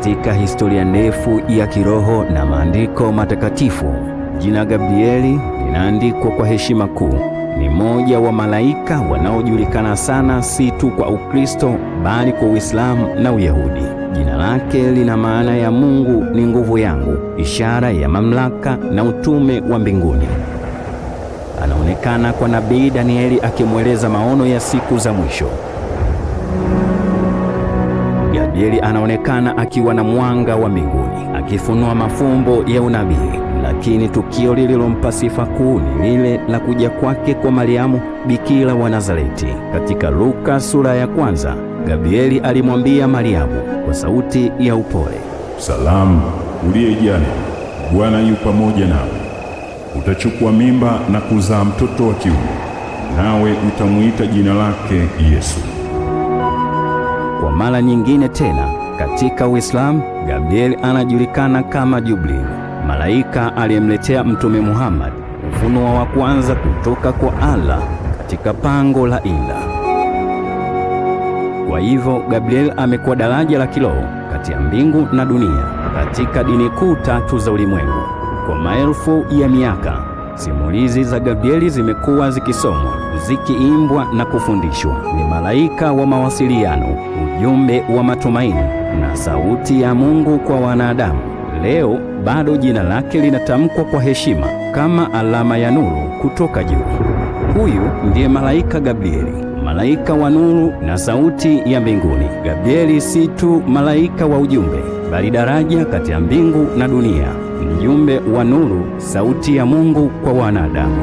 Katika historia ndefu ya kiroho na maandiko matakatifu, jina Gabrieli linaandikwa kwa heshima kuu. Ni mmoja wa malaika wanaojulikana sana si tu kwa Ukristo bali kwa Uislamu na Uyahudi. Jina lake lina maana ya Mungu ni nguvu yangu, ishara ya mamlaka na utume wa mbinguni. Anaonekana kwa nabii Danieli akimweleza maono ya siku za mwisho. Gabrieli anaonekana akiwa na mwanga wa mbinguni akifunua mafumbo ya unabii, lakini tukio lililompa sifa kuu ni lile la kuja kwake kwa Mariamu bikira wa Nazareti. Katika Luka sura ya kwanza, Gabrieli alimwambia Mariamu kwa sauti ya upole, salamu uliyejaa Bwana yu pamoja nawe, utachukua mimba na kuzaa mtoto wa kiume, nawe utamwita jina lake Yesu mara nyingine tena katika Uislamu, Gabriel anajulikana kama Jibril, malaika aliyemletea Mtume Muhammad ufunuo wa kwanza kutoka kwa Allah katika pango la Ila. Kwa hivyo Gabriel amekuwa daraja la kiroho kati ya mbingu na dunia katika dini kuu tatu za ulimwengu kwa maelfu ya miaka. Simulizi za Gabrieli zimekuwa zikisomwa, zikiimbwa na kufundishwa. Ni malaika wa mawasiliano, ujumbe wa matumaini na sauti ya Mungu kwa wanadamu. Leo bado jina lake linatamkwa kwa heshima kama alama ya nuru kutoka juu. Huyu ndiye malaika Gabrieli malaika wa nuru na sauti ya mbinguni. Gabrieli si tu malaika wa ujumbe, bali daraja kati ya mbingu na dunia, mjumbe wa nuru, sauti ya Mungu kwa wanadamu.